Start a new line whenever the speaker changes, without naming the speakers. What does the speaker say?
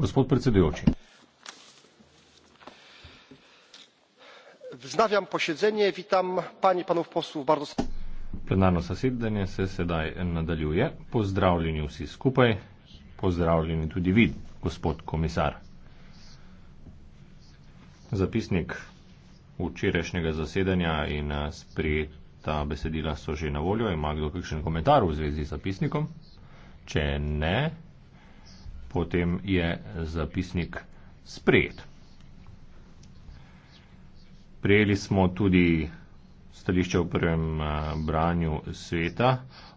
gospod predsedujoči
wznawiam posiedzenie witam panie i panów posłów bardzo
plenarno zasedanje se sedaj nadaljuje pozdravljeni vsi skupaj pozdravljeni tudi vi gospod komisar zapisnik včerajšnjega zasedanja in eh, sprejeta besedila so že na voljo ima kdo kakšen komentar v zvezi z zapisnikom Če ne, potem je zapisnik sprejet. Prijeli smo tudi stališče v prvem eh, branju sveta.